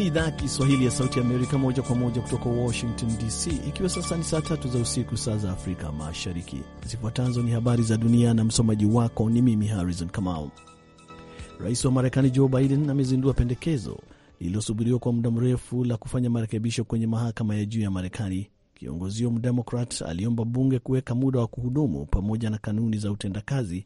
ni idhaa ya Kiswahili ya Sauti Amerika, moja kwa moja kutoka Washington DC, ikiwa sasa ni saa tatu za usiku, saa za Afrika Mashariki. Zifuatazo ni habari za dunia na msomaji wako ni mimi Harrison Kamau. Rais wa Marekani Joe Biden amezindua pendekezo lililosubiriwa kwa muda mrefu la kufanya marekebisho kwenye mahakama ya juu ya Marekani. Kiongozi huyo Mdemokrat aliomba bunge kuweka muda wa kuhudumu pamoja na kanuni za utendakazi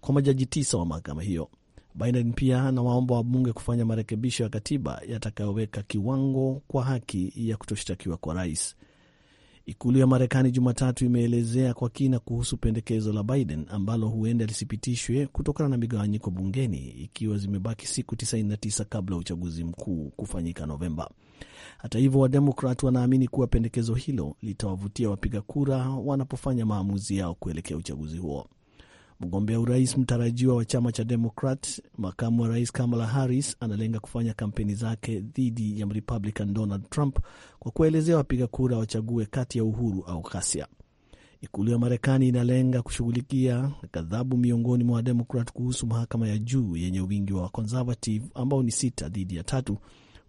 kwa majaji tisa wa mahakama hiyo. Biden pia anawaomba wabunge kufanya marekebisho ya katiba yatakayoweka kiwango kwa haki ya kutoshtakiwa kwa rais. Ikulu ya Marekani Jumatatu imeelezea kwa kina kuhusu pendekezo la Biden ambalo huenda lisipitishwe kutokana na migawanyiko bungeni, ikiwa zimebaki siku 99 kabla ya uchaguzi mkuu kufanyika Novemba. Hata hivyo, Wademokrat wanaamini kuwa pendekezo hilo litawavutia wapiga kura wanapofanya maamuzi yao kuelekea uchaguzi huo. Mgombea urais mtarajiwa wa chama cha Demokrat, makamu wa rais Kamala Harris analenga kufanya kampeni zake dhidi ya Mrepublican Donald Trump kwa kuelezea wapiga kura wachague kati ya uhuru au ghasia. Ikulu ya Marekani inalenga kushughulikia ghadhabu miongoni mwa Wademokrat kuhusu mahakama ya juu yenye wingi wa Waconservative ambao ni sita dhidi ya tatu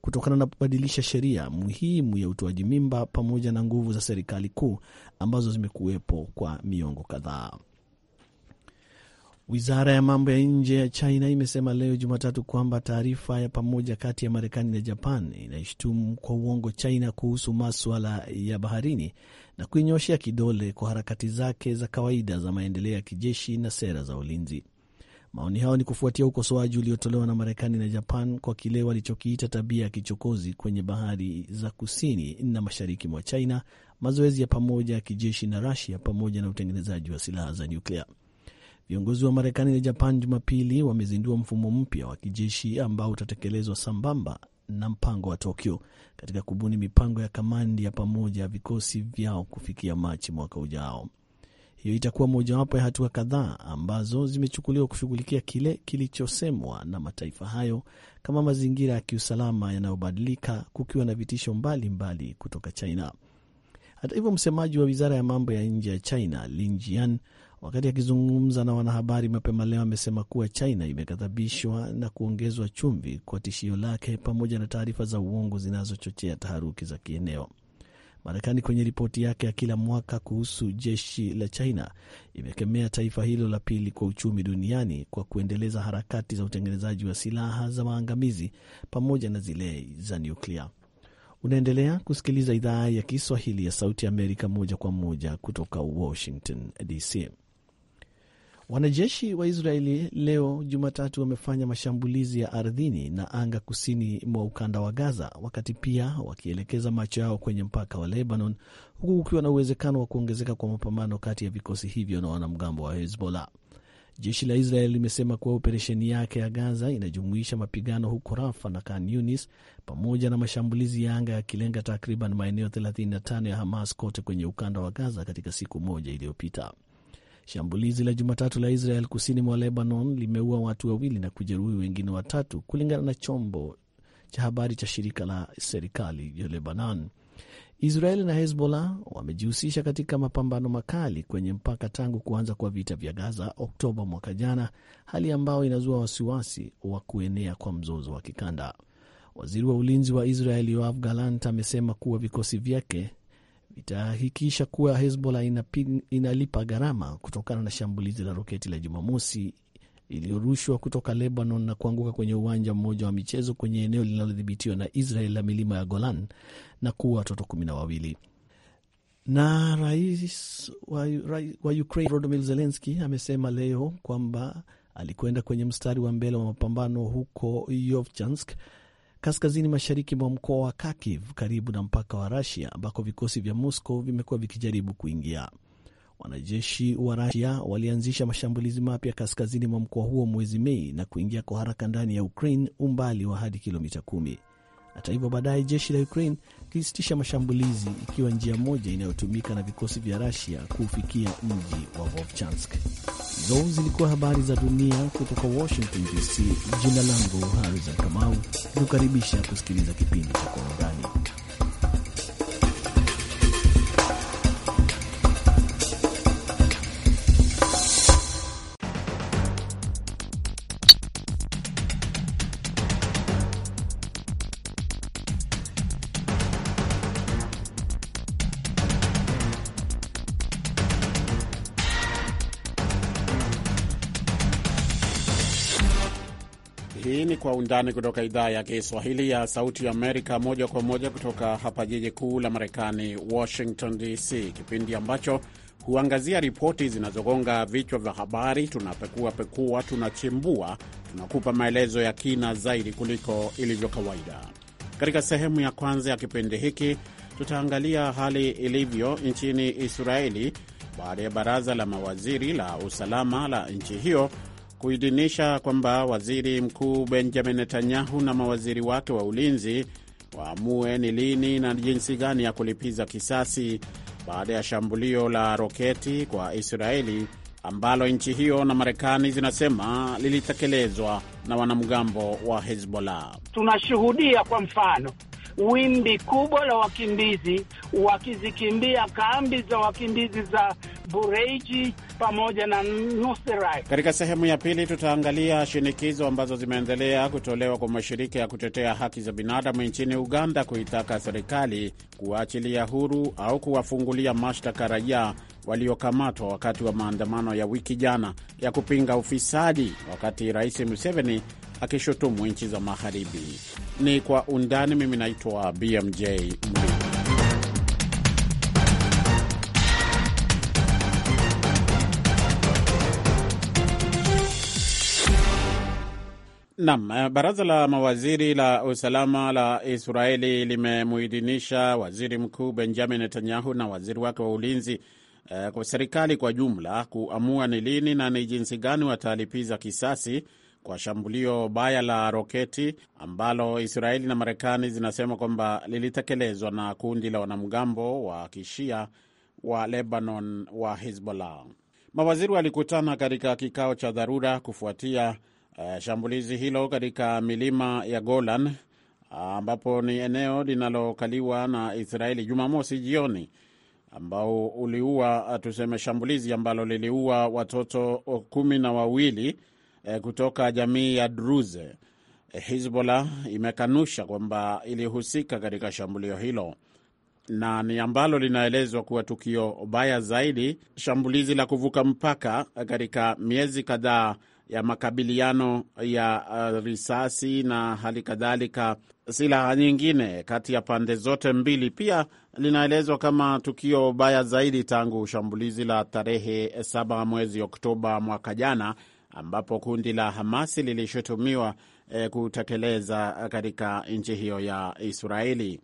kutokana na kubadilisha sheria muhimu ya utoaji mimba pamoja na nguvu za serikali kuu ambazo zimekuwepo kwa miongo kadhaa. Wizara ya mambo ya nje ya China imesema leo Jumatatu kwamba taarifa ya pamoja kati ya Marekani na Japan inaishutumu kwa uongo China kuhusu maswala ya baharini na kuinyoshea kidole kwa harakati zake za kawaida za maendeleo ya kijeshi na sera za ulinzi. Maoni hayo ni kufuatia ukosoaji uliotolewa na Marekani na Japan kwa kile walichokiita tabia ya kichokozi kwenye bahari za kusini na mashariki mwa China, mazoezi ya pamoja ya kijeshi na Rusia pamoja na utengenezaji wa silaha za nyuklia. Viongozi wa Marekani na Japan Jumapili wamezindua mfumo mpya wa kijeshi ambao utatekelezwa sambamba na mpango wa Tokyo katika kubuni mipango ya kamandi ya pamoja ya vikosi vyao kufikia Machi mwaka ujao. Hiyo itakuwa mojawapo ya hatua kadhaa ambazo zimechukuliwa kushughulikia kile kilichosemwa na mataifa hayo kama mazingira ya kiusalama yanayobadilika, kukiwa na vitisho mbalimbali mbali kutoka China. Hata hivyo, msemaji wa wizara ya mambo ya nje ya China Lin Jian Wakati akizungumza na wanahabari mapema leo, amesema kuwa China imeghadhabishwa na kuongezwa chumvi kwa tishio lake pamoja na taarifa za uongo zinazochochea taharuki za kieneo. Marekani kwenye ripoti yake ya kila mwaka kuhusu jeshi la China imekemea taifa hilo la pili kwa uchumi duniani kwa kuendeleza harakati za utengenezaji wa silaha za maangamizi pamoja na zile za nyuklia. Unaendelea kusikiliza idhaa ya Kiswahili ya Sauti ya Amerika moja kwa moja kutoka Washington DC. Wanajeshi wa Israeli leo Jumatatu wamefanya mashambulizi ya ardhini na anga kusini mwa ukanda wa Gaza, wakati pia wakielekeza macho yao kwenye mpaka wa Lebanon, huku kukiwa na uwezekano wa kuongezeka kwa mapambano kati ya vikosi hivyo na wanamgambo wa Hezbollah. Jeshi la Israel limesema kuwa operesheni yake ya Gaza inajumuisha mapigano huko Rafa na Khan Yunis pamoja na mashambulizi ya anga yakilenga takriban maeneo 35 ya Hamas kote kwenye ukanda wa Gaza katika siku moja iliyopita. Shambulizi la Jumatatu la Israel kusini mwa Lebanon limeua watu wawili na kujeruhi wengine watatu, kulingana na chombo cha habari cha shirika la serikali ya Lebanon. Israel na Hezbollah wamejihusisha katika mapambano makali kwenye mpaka tangu kuanza kwa vita vya Gaza Oktoba mwaka jana, hali ambayo inazua wasiwasi wa kuenea kwa mzozo wa kikanda. Waziri wa ulinzi wa Israel Yoav Galant amesema kuwa vikosi vyake itahakikisha kuwa Hezbollah inalipa gharama kutokana na shambulizi la roketi la Jumamosi iliyorushwa kutoka Lebanon na kuanguka kwenye uwanja mmoja wa michezo kwenye eneo linalodhibitiwa na Israel la milima ya Golan na kuua watoto kumi na wawili. Na rais wa, wa Ukraine Volodymyr Zelensky amesema leo kwamba alikwenda kwenye mstari wa mbele wa mapambano huko Yovchansk kaskazini mashariki mwa mkoa wa Kharkiv karibu na mpaka wa rasia ambako vikosi vya Moscow vimekuwa vikijaribu kuingia. Wanajeshi wa Rusia walianzisha mashambulizi mapya kaskazini mwa mkoa huo mwezi Mei na kuingia kwa haraka ndani ya Ukraine, umbali wa hadi kilomita kumi. Hata hivyo, baadaye jeshi la Ukraine lilisitisha mashambulizi, ikiwa njia moja inayotumika na vikosi vya Rusia kuufikia mji wa Vovchansk. Hizo zilikuwa habari za dunia kutoka Washington DC. Jina langu Harizon Kamau, nikukaribisha kusikiliza kipindi cha Kwa Undani. undani kutoka idhaa ya Kiswahili ya Sauti ya Amerika, moja kwa moja kutoka hapa jiji kuu la Marekani, Washington DC, kipindi ambacho huangazia ripoti zinazogonga vichwa vya habari. Tunapekua pekua, tunachimbua, tunakupa maelezo ya kina zaidi kuliko ilivyo kawaida. Katika sehemu ya kwanza ya kipindi hiki tutaangalia hali ilivyo nchini Israeli baada ya baraza la mawaziri la usalama la nchi hiyo kuidhinisha kwamba waziri mkuu Benjamin Netanyahu na mawaziri wake wa ulinzi waamue ni lini na jinsi gani ya kulipiza kisasi baada ya shambulio la roketi kwa Israeli ambalo nchi hiyo na Marekani zinasema lilitekelezwa na wanamgambo wa Hezbollah. Tunashuhudia kwa mfano wimbi kubwa la wakimbizi wakizikimbia kambi za wakimbizi za Bureiji pamoja na Nuseirat. Katika sehemu ya pili, tutaangalia shinikizo ambazo zimeendelea kutolewa kwa mashirika ya kutetea haki za binadamu nchini Uganda kuitaka serikali kuwaachilia huru au kuwafungulia mashtaka raia waliokamatwa wakati wa maandamano ya wiki jana ya kupinga ufisadi, wakati Rais Museveni akishutumu nchi za Magharibi ni Kwa Undani. Mimi naitwa BMJ Nam, eh, baraza la mawaziri la usalama la Israeli limemuidhinisha waziri mkuu Benjamin Netanyahu na waziri wake wa ulinzi eh, kwa serikali kwa jumla kuamua ni lini na ni jinsi gani watalipiza kisasi kwa shambulio baya la roketi ambalo Israeli na Marekani zinasema kwamba lilitekelezwa na kundi la wanamgambo wa kishia wa Lebanon wa Hezbollah. Mawaziri walikutana katika kikao cha dharura kufuatia uh, shambulizi hilo katika milima ya Golan ambapo ni eneo linalokaliwa na Israeli Jumamosi jioni ambao uliua tuseme, shambulizi ambalo liliua watoto kumi na wawili Eh, kutoka jamii ya Druze. Hizbollah eh, imekanusha kwamba ilihusika katika shambulio hilo na ni ambalo linaelezwa kuwa tukio baya zaidi, shambulizi la kuvuka mpaka katika miezi kadhaa ya makabiliano ya eh, risasi na hali kadhalika silaha nyingine kati ya pande zote mbili. Pia linaelezwa kama tukio baya zaidi tangu shambulizi la tarehe 7 mwezi Oktoba mwaka jana ambapo kundi la Hamasi lilishutumiwa e, kutekeleza katika nchi hiyo ya Israeli.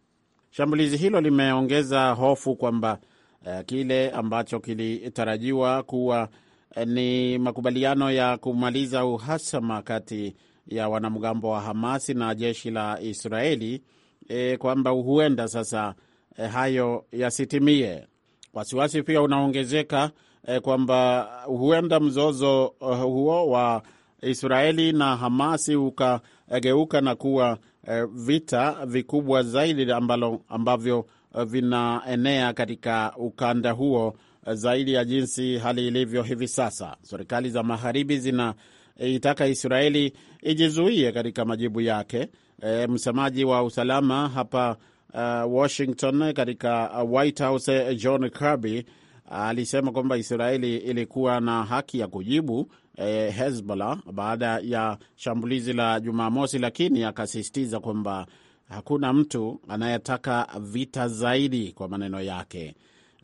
Shambulizi hilo limeongeza hofu kwamba e, kile ambacho kilitarajiwa kuwa e, ni makubaliano ya kumaliza uhasama kati ya wanamgambo wa Hamasi na jeshi la Israeli e, kwamba huenda sasa e, hayo yasitimie. Wasiwasi pia unaongezeka eh, kwamba huenda mzozo uh, huo wa Israeli na Hamasi ukageuka na kuwa uh, vita vikubwa zaidi ambalo ambavyo uh, vinaenea katika ukanda huo uh, zaidi ya jinsi hali ilivyo hivi sasa. Serikali za magharibi zinaitaka Israeli ijizuie katika majibu yake. E, msemaji wa usalama hapa uh, Washington katika White House John Kirby alisema kwamba Israeli ilikuwa na haki ya kujibu eh, Hezbollah baada ya shambulizi la Jumamosi, lakini akasisitiza kwamba hakuna mtu anayetaka vita zaidi, kwa maneno yake.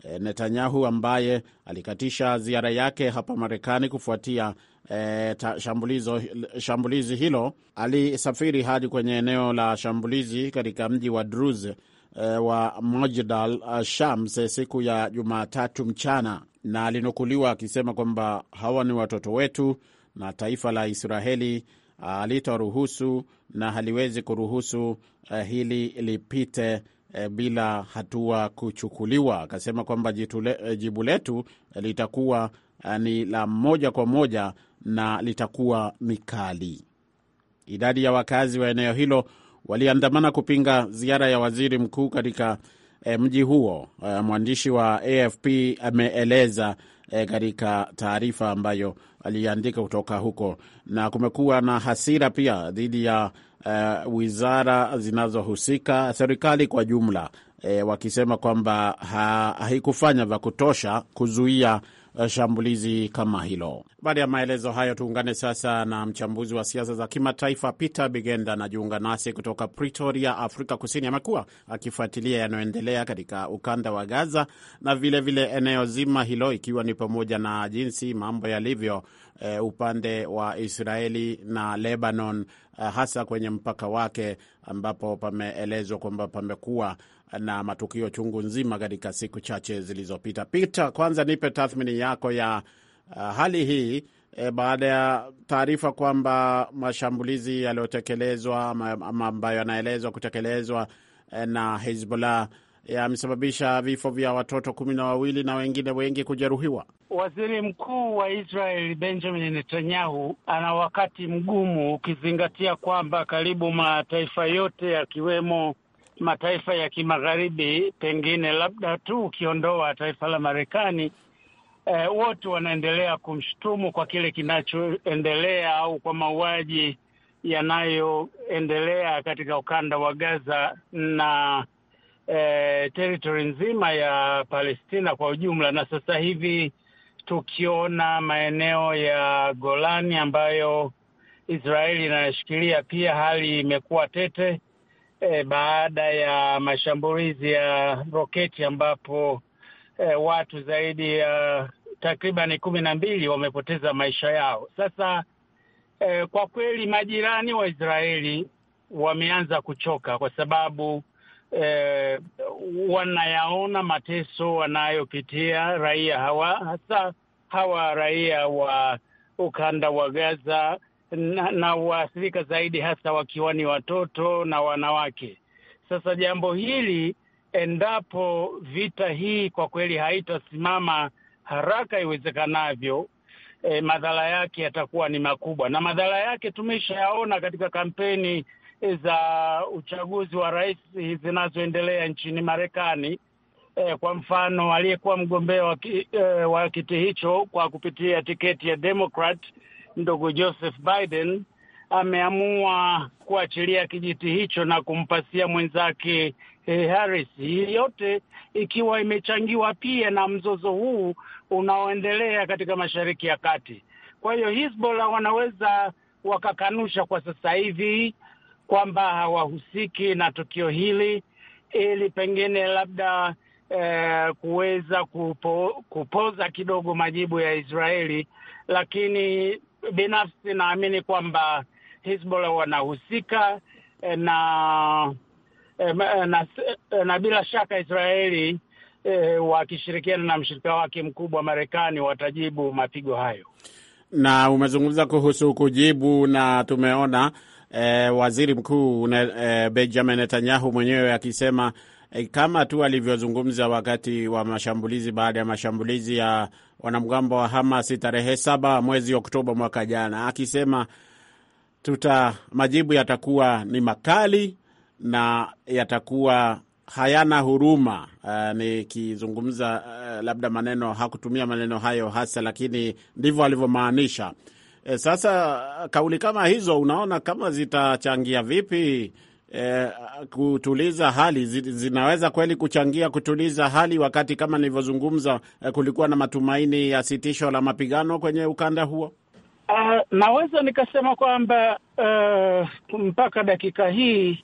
Eh, Netanyahu ambaye alikatisha ziara yake hapa Marekani kufuatia e, ta, shambulizo, shambulizi hilo alisafiri hadi kwenye eneo la shambulizi katika mji wa Druze Eh, wa Mojdal eh, Shams eh, siku ya Jumatatu mchana, na alinukuliwa akisema kwamba hawa ni watoto wetu na taifa la Israeli alitoruhusu na haliwezi kuruhusu hili lipite bila hatua kuchukuliwa. Akasema kwamba jibu letu litakuwa ni la moja kwa moja na litakuwa mikali Idadi ya wakazi wa eneo hilo waliandamana kupinga ziara ya waziri mkuu katika e, mji huo. E, mwandishi wa AFP ameeleza e, katika taarifa ambayo aliandika kutoka huko, na kumekuwa na hasira pia dhidi ya e, wizara zinazohusika, serikali kwa jumla e, wakisema kwamba haikufanya ha vya kutosha kuzuia shambulizi kama hilo. Baada ya maelezo hayo, tuungane sasa na mchambuzi wa siasa za kimataifa Peter Bigenda, anajiunga nasi kutoka Pretoria, Afrika Kusini. Amekuwa akifuatilia yanayoendelea katika ukanda wa Gaza na vilevile vile eneo zima hilo, ikiwa ni pamoja na jinsi mambo yalivyo e, upande wa Israeli na Lebanon, eh, hasa kwenye mpaka wake ambapo pameelezwa kwamba pamekuwa na matukio chungu nzima katika siku chache zilizopita. Peter, kwanza nipe tathmini yako ya uh, hali hii e, baada ya taarifa kwamba mashambulizi yaliyotekelezwa ama ambayo yanaelezwa kutekelezwa eh, na Hezbollah yamesababisha vifo vya watoto kumi na wawili na wengine wengi kujeruhiwa. Waziri Mkuu wa Israel Benjamin Netanyahu ana wakati mgumu, ukizingatia kwamba karibu mataifa yote yakiwemo mataifa ya kimagharibi, pengine labda tu ukiondoa taifa la Marekani, e, wote wanaendelea kumshutumu kwa kile kinachoendelea au kwa mauaji yanayoendelea katika ukanda wa Gaza na e, eh, teritori nzima ya Palestina kwa ujumla, na sasa hivi tukiona maeneo ya Golani ambayo Israeli inayoshikilia pia hali imekuwa tete e, baada ya mashambulizi ya roketi ambapo e, watu zaidi ya takribani kumi na mbili wamepoteza maisha yao. Sasa e, kwa kweli majirani wa Israeli wameanza kuchoka kwa sababu e, wanayaona mateso wanayopitia raia hawa hasa hawa raia wa ukanda wa Gaza na, na waathirika zaidi hasa wakiwa ni watoto na wanawake. Sasa jambo hili, endapo vita hii kwa kweli haitasimama haraka iwezekanavyo, e, madhara yake yatakuwa ni makubwa, na madhara yake tumeshayaona katika kampeni eh, za uchaguzi wa rais zinazoendelea nchini Marekani. E, kwa mfano aliyekuwa mgombea wa, ki, e, wa kiti hicho kwa kupitia tiketi ya Democrat ndugu Joseph Biden ameamua kuachilia kijiti hicho na kumpasia mwenzake eh, Harris. Hii yote ikiwa imechangiwa pia na mzozo huu unaoendelea katika Mashariki ya Kati. Kwa hiyo Hizbola wanaweza wakakanusha kwa sasa hivi kwamba hawahusiki na tukio hili, ili pengine labda eh, kuweza kupo, kupoza kidogo majibu ya Israeli, lakini binafsi naamini kwamba Hizbollah wanahusika eh, na eh, eh, na, na na bila shaka Israeli eh, wakishirikiana na mshirika wake mkubwa Marekani watajibu mapigo hayo. Na umezungumza kuhusu kujibu, na tumeona eh, waziri mkuu eh, Benjamin Netanyahu mwenyewe akisema E, kama tu alivyozungumza wakati wa mashambulizi baada ya mashambulizi ya wanamgambo wa Hamas tarehe saba mwezi Oktoba mwaka jana, akisema tuta majibu yatakuwa ni makali na yatakuwa hayana huruma. Uh, nikizungumza uh, labda maneno hakutumia maneno hayo hasa, lakini ndivyo alivyomaanisha. E, sasa kauli kama hizo unaona kama zitachangia vipi eh, kutuliza hali zinaweza kweli kuchangia kutuliza hali, wakati kama nilivyozungumza, eh, kulikuwa na matumaini ya sitisho la mapigano kwenye ukanda huo? Uh, naweza nikasema kwamba uh, mpaka dakika hii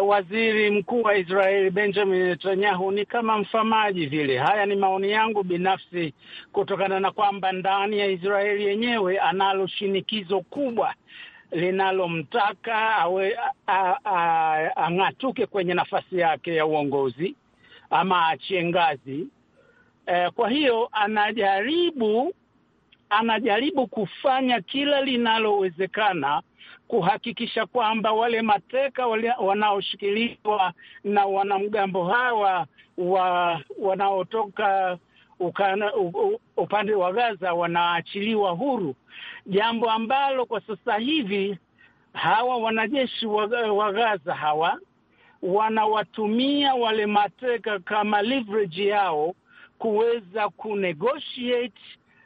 uh, waziri mkuu wa Israeli Benjamin Netanyahu ni kama mfamaji vile. Haya ni maoni yangu binafsi, kutokana na kwamba ndani ya Israeli yenyewe analo shinikizo kubwa linalomtaka awe ang'atuke kwenye nafasi yake ya uongozi ama achie ngazi. E, kwa hiyo anajaribu anajaribu kufanya kila linalowezekana kuhakikisha kwamba wale mateka wale wanaoshikiliwa na wanamgambo hawa wa wanaotoka ukana, u, upande wa Gaza wanaachiliwa huru, jambo ambalo kwa sasa hivi hawa wanajeshi wa, wa Gaza hawa wanawatumia wale mateka kama leverage yao kuweza kunegotiate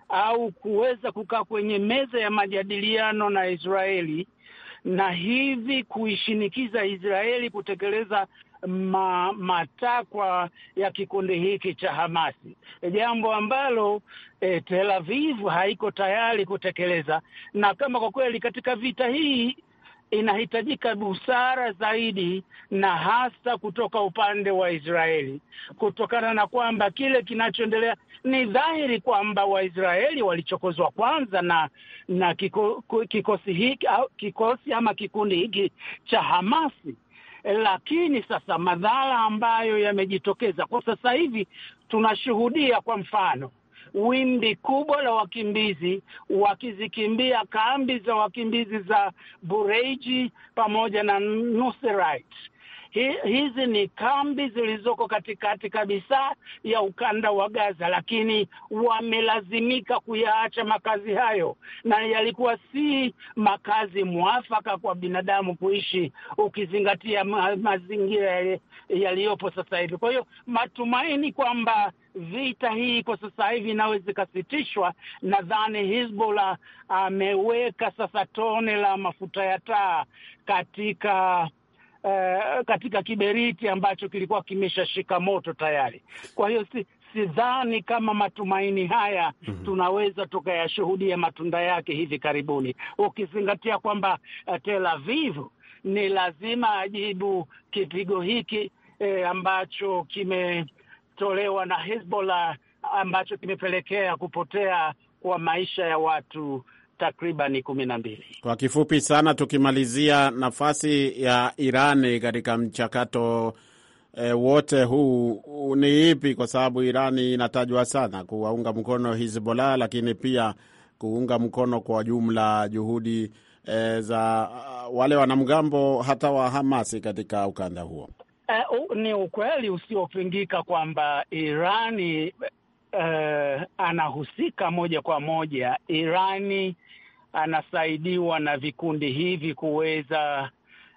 au kuweza kukaa kwenye meza ya majadiliano na Israeli na hivi kuishinikiza Israeli kutekeleza ma, matakwa ya kikundi hiki cha Hamasi, jambo ambalo e, Tel Aviv haiko tayari kutekeleza, na kama kwa kweli katika vita hii inahitajika busara zaidi na hasa kutoka upande wa Israeli, kutokana na kwamba kile kinachoendelea ni dhahiri kwamba Waisraeli walichokozwa kwanza na na kiko, kikosi hiki, kikosi ama kikundi hiki cha Hamasi lakini sasa madhara ambayo yamejitokeza kwa sasa hivi tunashuhudia, kwa mfano wimbi kubwa la wakimbizi wakizikimbia kambi za wakimbizi za Bureiji pamoja na Nuseirat hizi ni kambi zilizoko katikati kabisa ya ukanda wa Gaza, lakini wamelazimika kuyaacha makazi hayo, na yalikuwa si makazi mwafaka kwa binadamu kuishi, ukizingatia ma mazingira yaliyopo sasa hivi. Kwa hiyo matumaini kwamba vita hii kwa sasa hivi inaweza ikasitishwa. Nadhani Hizbullah ameweka sasa tone la mafuta ya taa katika Eh, katika kiberiti ambacho kilikuwa kimeshashika moto tayari. Kwa hiyo si sidhani kama matumaini haya mm -hmm. tunaweza tukayashuhudia matunda yake hivi karibuni, ukizingatia kwamba uh, Tel Aviv ni lazima ajibu kipigo hiki eh, ambacho kimetolewa na Hezbollah ambacho kimepelekea kupotea kwa maisha ya watu takriban kumi na mbili. Kwa kifupi sana, tukimalizia nafasi ya Irani katika mchakato e, wote huu ni ipi? Kwa sababu Irani inatajwa sana kuwaunga mkono Hizbollah, lakini pia kuunga mkono kwa jumla juhudi e, za uh, wale wanamgambo hata wa Hamasi katika ukanda huo. Eh, u, ni ukweli usiopingika kwamba Irani e, anahusika moja kwa moja. Irani anasaidiwa na vikundi hivi kuweza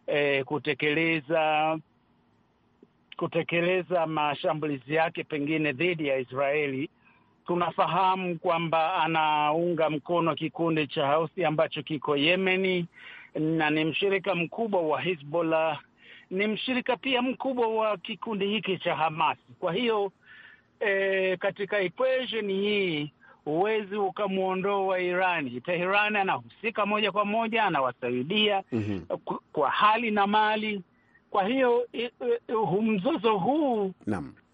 e, kutekeleza kutekeleza mashambulizi yake pengine dhidi ya Israeli. Tunafahamu kwamba anaunga mkono kikundi cha Hausi ambacho kiko Yemeni na ni mshirika mkubwa wa Hezbollah, ni mshirika pia mkubwa wa kikundi hiki cha Hamas. Kwa hiyo e, katika equation hii huwezi ukamwondoa Irani. Teherani anahusika moja kwa moja, anawasaidia mm -hmm. kwa hali na mali. Kwa hiyo mzozo huu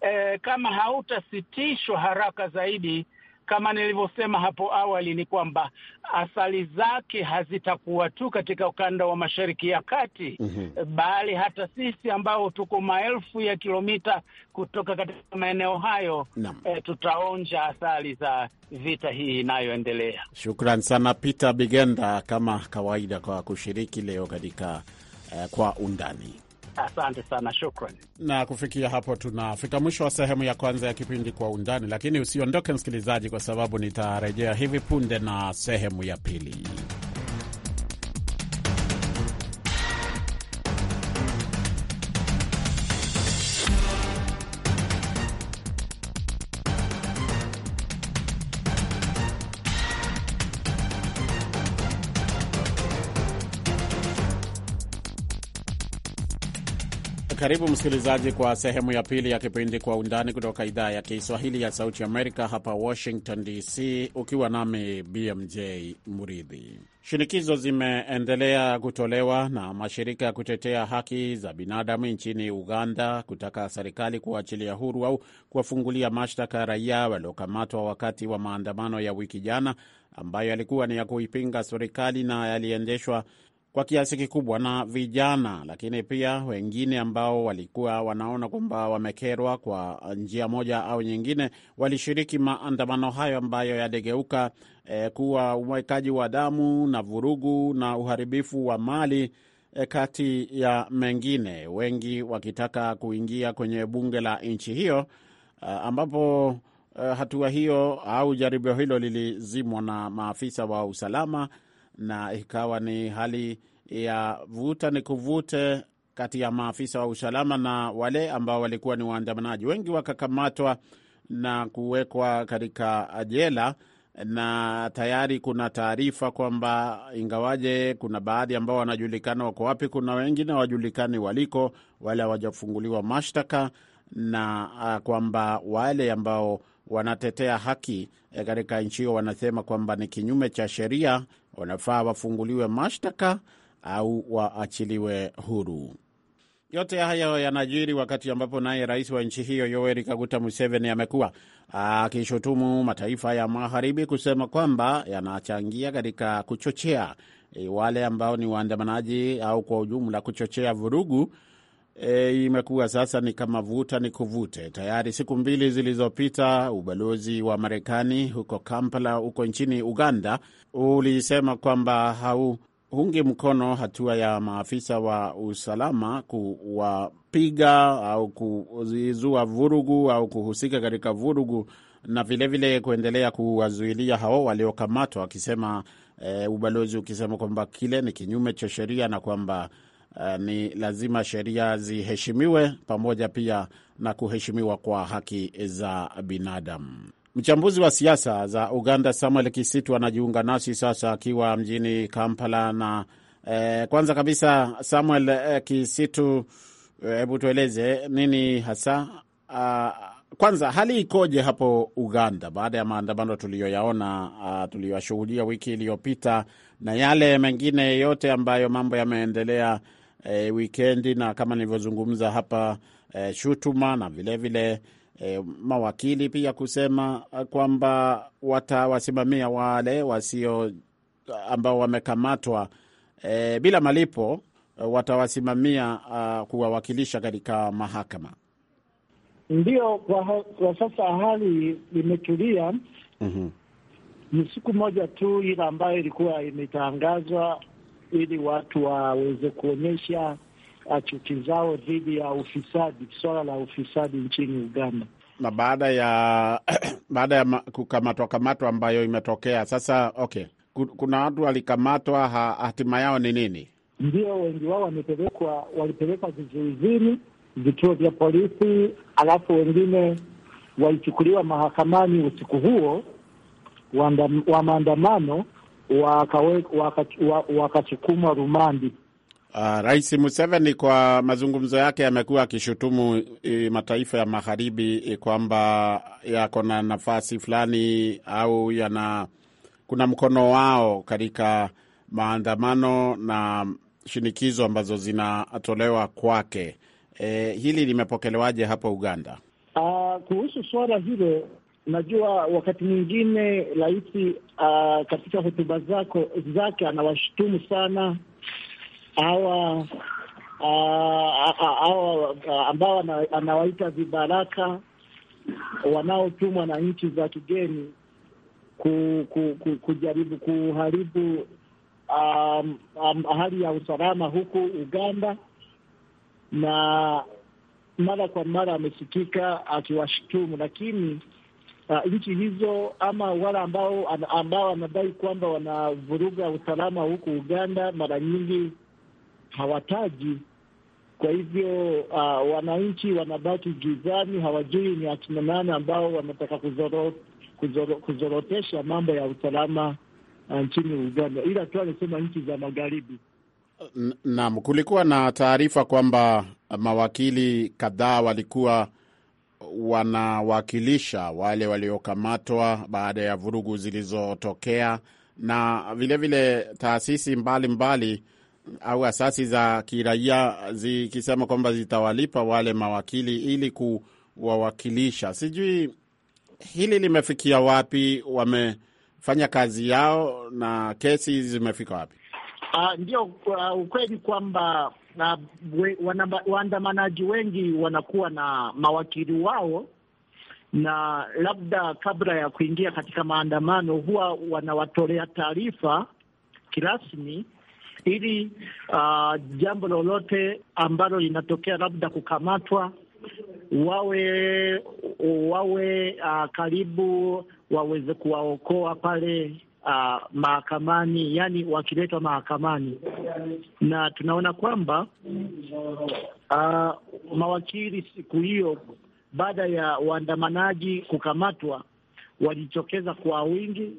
eh, kama hautasitishwa haraka zaidi kama nilivyosema hapo awali, ni kwamba athari zake hazitakuwa tu katika ukanda wa Mashariki ya Kati mm -hmm. bali hata sisi ambao tuko maelfu ya kilomita kutoka katika maeneo hayo e, tutaonja athari za vita hii inayoendelea. Shukran sana Peter Bigenda, kama kawaida, kwa kushiriki leo katika eh, kwa undani Asante sana, shukran. Na kufikia hapo tunafika mwisho wa sehemu ya kwanza ya kipindi Kwa Undani, lakini usiondoke msikilizaji, kwa sababu nitarejea hivi punde na sehemu ya pili. Karibu msikilizaji, kwa sehemu ya pili ya kipindi Kwa Undani kutoka idhaa ya Kiswahili ya Sauti Amerika hapa Washington DC, ukiwa nami BMJ Muridhi. Shinikizo zimeendelea kutolewa na mashirika ya kutetea haki za binadamu nchini Uganda kutaka serikali kuachilia huru au kuwafungulia mashtaka ya raia waliokamatwa wakati wa maandamano ya wiki jana ambayo yalikuwa ni ya kuipinga serikali na yaliendeshwa kwa kiasi kikubwa na vijana, lakini pia wengine ambao walikuwa wanaona kwamba wamekerwa kwa njia moja au nyingine walishiriki maandamano hayo ambayo yaligeuka eh, kuwa umwekaji wa damu na vurugu na uharibifu wa mali eh, kati ya mengine, wengi wakitaka kuingia kwenye bunge la nchi hiyo ah, ambapo eh, hatua hiyo au jaribio hilo lilizimwa na maafisa wa usalama na ikawa ni hali ya vuta ni kuvute kati ya maafisa wa usalama na wale ambao walikuwa ni waandamanaji. Wengi wakakamatwa na kuwekwa katika jela, na tayari kuna taarifa kwamba ingawaje kuna baadhi ambao wanajulikana wako wapi, kuna wengine hawajulikani waliko, wale hawajafunguliwa mashtaka na ah, kwamba wale ambao wanatetea haki e, katika nchi hiyo wanasema kwamba ni kinyume cha sheria, wanafaa wafunguliwe mashtaka au waachiliwe huru. Yote hayo yanajiri wakati ambapo naye rais wa nchi hiyo Yoweri Kaguta Museveni amekuwa akishutumu mataifa ya magharibi kusema kwamba yanachangia katika kuchochea e, wale ambao ni waandamanaji au kwa ujumla kuchochea vurugu e, imekuwa sasa ni kama vuta ni kuvute. Tayari siku mbili zilizopita, ubalozi wa Marekani huko Kampala, huko nchini Uganda, ulisema kwamba hauungi mkono hatua ya maafisa wa usalama kuwapiga au kuzizua vurugu au kuhusika katika vurugu na vilevile vile kuendelea kuwazuilia hao waliokamatwa, wakisema e, ubalozi ukisema kwamba kile ni kinyume cha sheria na kwamba Eh, ni lazima sheria ziheshimiwe pamoja pia na kuheshimiwa kwa haki za binadamu. Mchambuzi wa siasa za Uganda Samuel Kisitu anajiunga nasi sasa akiwa mjini Kampala na eh, kwanza kabisa Samuel eh, Kisitu, eh, hebu eh, tueleze nini hasa uh, kwanza hali ikoje hapo Uganda baada ya maandamano tuliyoyaona, uh, wiki iliyopita na yale mengine yote ambayo mambo yameendelea e, wikendi na kama nilivyozungumza hapa e, shutuma na vilevile vile, e, mawakili pia kusema kwamba watawasimamia wale wasio ambao wamekamatwa e, bila malipo e, watawasimamia uh, kuwawakilisha katika mahakama. Ndio, kwa, kwa sasa hali imetulia. mm -hmm. Ni siku moja tu ile ambayo ilikuwa imetangazwa ili watu waweze kuonyesha uh, chuki zao dhidi ya ufisadi, swala la ufisadi nchini Uganda na baada ya baada ya kukamatwa kamatwa ambayo imetokea sasa. Okay, kuna watu walikamatwa, hatima yao ni nini? Ndio, wengi wao wamepelekwa, walipelekwa vizuizini, vituo vya polisi, alafu wengine walichukuliwa mahakamani usiku huo wa maandamano wakachukuma waka, waka rumandi. Uh, Rais Museveni kwa mazungumzo yake yamekuwa akishutumu e, mataifa ya magharibi e, kwamba yako na nafasi fulani au yana kuna mkono wao katika maandamano na shinikizo ambazo zinatolewa kwake. E, hili limepokelewaje hapo Uganda? Uh, kuhusu suala hilo najua wakati mwingine rais uh, ah, katika hotuba zako zake anawashutumu sana hawa ah, ah, hawa ambao anawaita vibaraka wanaotumwa na nchi za kigeni ku, ku, ku, kujaribu kuharibu um, um, hali ya usalama huku Uganda, na mara kwa mara amesikika akiwashutumu lakini uh, nchi hizo ama wale ambao ambao wanadai kwamba wanavuruga usalama huku Uganda mara nyingi hawataji. Kwa hivyo uh, wananchi wanabaki gizani, hawajui ni akina nani ambao wanataka kuzoro, kuzoro, kuzorotesha mambo ya usalama ah, nchini Uganda, ila tu anasema nchi za magharibi. Naam, kulikuwa na taarifa kwamba mawakili kadhaa walikuwa wanawakilisha wale waliokamatwa baada ya vurugu zilizotokea, na vilevile vile taasisi mbalimbali mbali, au asasi za kiraia zikisema kwamba zitawalipa wale mawakili ili kuwawakilisha. Sijui hili limefikia wapi, wamefanya kazi yao na kesi zimefika wapi? Uh, ndio uh, ukweli kwamba na we, wanamba, waandamanaji wengi wanakuwa na mawakili wao, na labda kabla ya kuingia katika maandamano huwa wanawatolea taarifa kirasmi ili uh, jambo lolote ambalo linatokea labda kukamatwa wawe wawe uh, karibu waweze kuwaokoa pale uh, mahakamani, yani wakiletwa mahakamani, na tunaona kwamba uh, mawakili siku hiyo baada ya waandamanaji kukamatwa walijitokeza kwa wingi,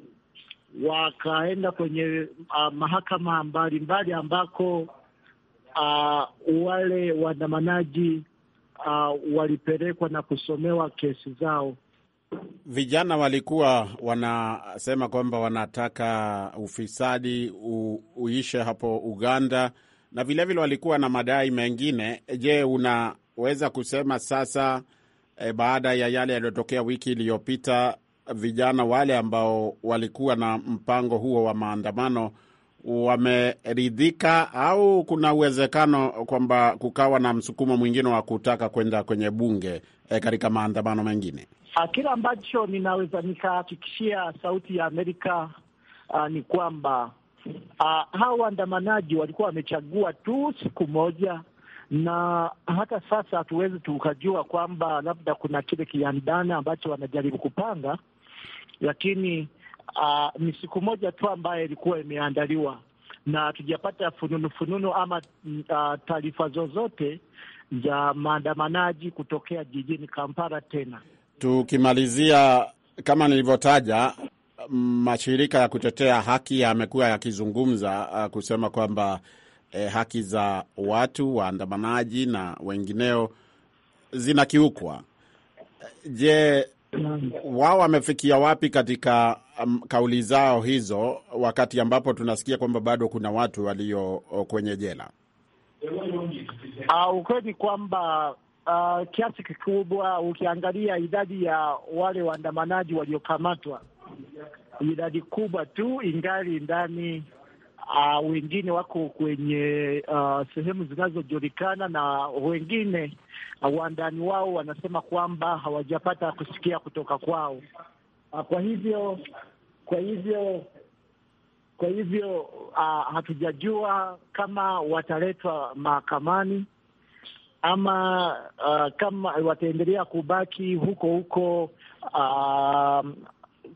wakaenda kwenye uh, mahakama mbalimbali ambako uh, wale waandamanaji uh, walipelekwa na kusomewa kesi zao. Vijana walikuwa wanasema kwamba wanataka ufisadi u, uishe hapo Uganda, na vilevile walikuwa na madai mengine. Je, unaweza kusema sasa e, baada ya yale yaliyotokea wiki iliyopita, vijana wale ambao walikuwa na mpango huo wa maandamano wameridhika au kuna uwezekano kwamba kukawa na msukumo mwingine wa kutaka kwenda kwenye bunge e, katika maandamano mengine? Ah, kile ambacho ninaweza nikahakikishia Sauti ya Amerika uh, ni kwamba uh, ah, hawa waandamanaji walikuwa wamechagua tu siku moja, na hata sasa hatuwezi tukajua kwamba labda kuna kile kiandana ambacho wanajaribu kupanga, lakini uh, ni siku moja tu ambayo ilikuwa imeandaliwa na hatujapata fununu fununu ama uh, taarifa zozote za maandamanaji kutokea jijini Kampala tena. Tukimalizia, kama nilivyotaja, mashirika ya kutetea haki yamekuwa yakizungumza uh, kusema kwamba eh, haki za watu waandamanaji na wengineo zinakiukwa. Je, wao wamefikia wapi katika um, kauli zao hizo, wakati ambapo tunasikia kwamba bado kuna watu walio uh, kwenye jela? Ah, ukweli kwamba uh, kiasi kikubwa, ukiangalia idadi ya wale waandamanaji waliokamatwa, idadi kubwa tu ingali ndani uh, wengine wako kwenye uh, sehemu zinazojulikana na wengine uh, wandani wao wanasema kwamba hawajapata kusikia kutoka kwao. Uh, kwa hivyo kwa hivyo kwa hivyo uh, hatujajua kama wataletwa mahakamani ama uh, kama wataendelea kubaki huko huko uh,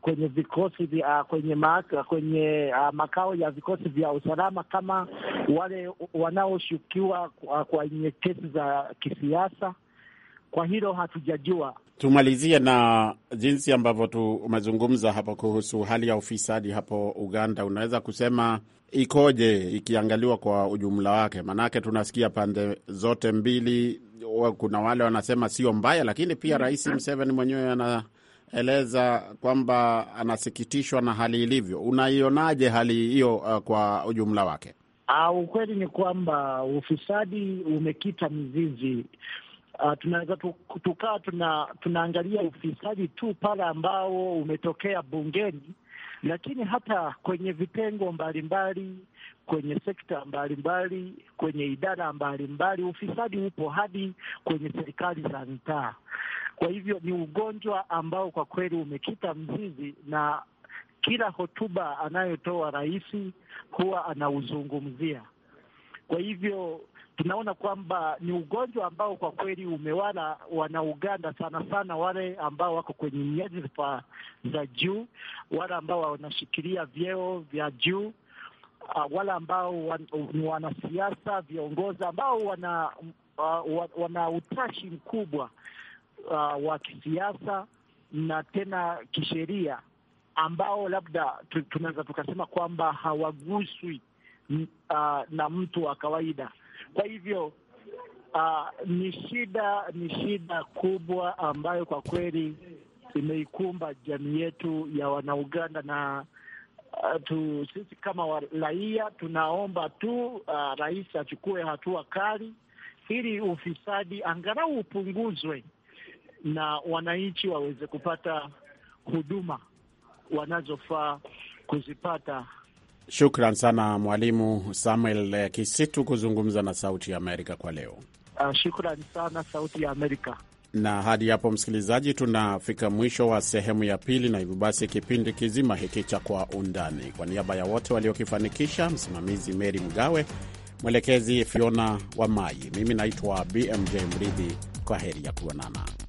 kwenye vikosi vya kwenye maaka, kwenye uh, makao ya vikosi vya usalama kama wale wanaoshukiwa kwenye kesi za kisiasa. Kwa hilo hatujajua, Tumalizie na jinsi ambavyo tumezungumza hapo kuhusu hali ya ufisadi hapo Uganda, unaweza kusema ikoje ikiangaliwa kwa ujumla wake? Maanake tunasikia pande zote mbili, kuna wale wanasema sio mbaya, lakini pia mm. Rais Museveni mwenyewe anaeleza kwamba anasikitishwa na hali ilivyo. Unaionaje hali hiyo uh, kwa ujumla wake? Uh, ukweli ni kwamba ufisadi umekita mizizi Uh, tunaweza tukaa tuna, tunaangalia ufisadi tu pale ambao umetokea bungeni, lakini hata kwenye vitengo mbalimbali, kwenye sekta mbalimbali, kwenye idara mbalimbali, ufisadi upo hadi kwenye serikali za mitaa. Kwa hivyo ni ugonjwa ambao kwa kweli umekita mzizi na kila hotuba anayotoa rais huwa anauzungumzia. Kwa hivyo tunaona kwamba ni ugonjwa ambao kwa kweli umewala Wanauganda sana sana, wale ambao wako kwenye nyadhifa za juu, wale ambao wanashikilia vyeo vya juu, ah, wale ambao wan, ni wanasiasa, viongozi ambao wana uh, wana utashi mkubwa uh, wa kisiasa na tena kisheria, ambao labda tunaweza tukasema kwamba hawaguswi uh, na mtu wa kawaida. Kwa hivyo uh, ni shida ni shida kubwa ambayo kwa kweli imeikumba jamii yetu ya Wanauganda na uh, tu, sisi kama raia tunaomba tu uh, rais achukue hatua kali ili ufisadi angalau upunguzwe na wananchi waweze kupata huduma wanazofaa kuzipata Shukran sana Mwalimu Samuel eh, Kisitu kuzungumza na Sauti ya Amerika kwa leo. Uh, shukran sana Sauti ya Amerika. Na hadi hapo, msikilizaji, tunafika mwisho wa sehemu ya pili, na hivyo basi kipindi kizima hiki cha Kwa Undani, kwa niaba ya wote waliokifanikisha, msimamizi Meri Mgawe, mwelekezi Fiona wa Mai, mimi naitwa BMJ Mridhi. Kwa heri ya kuonana.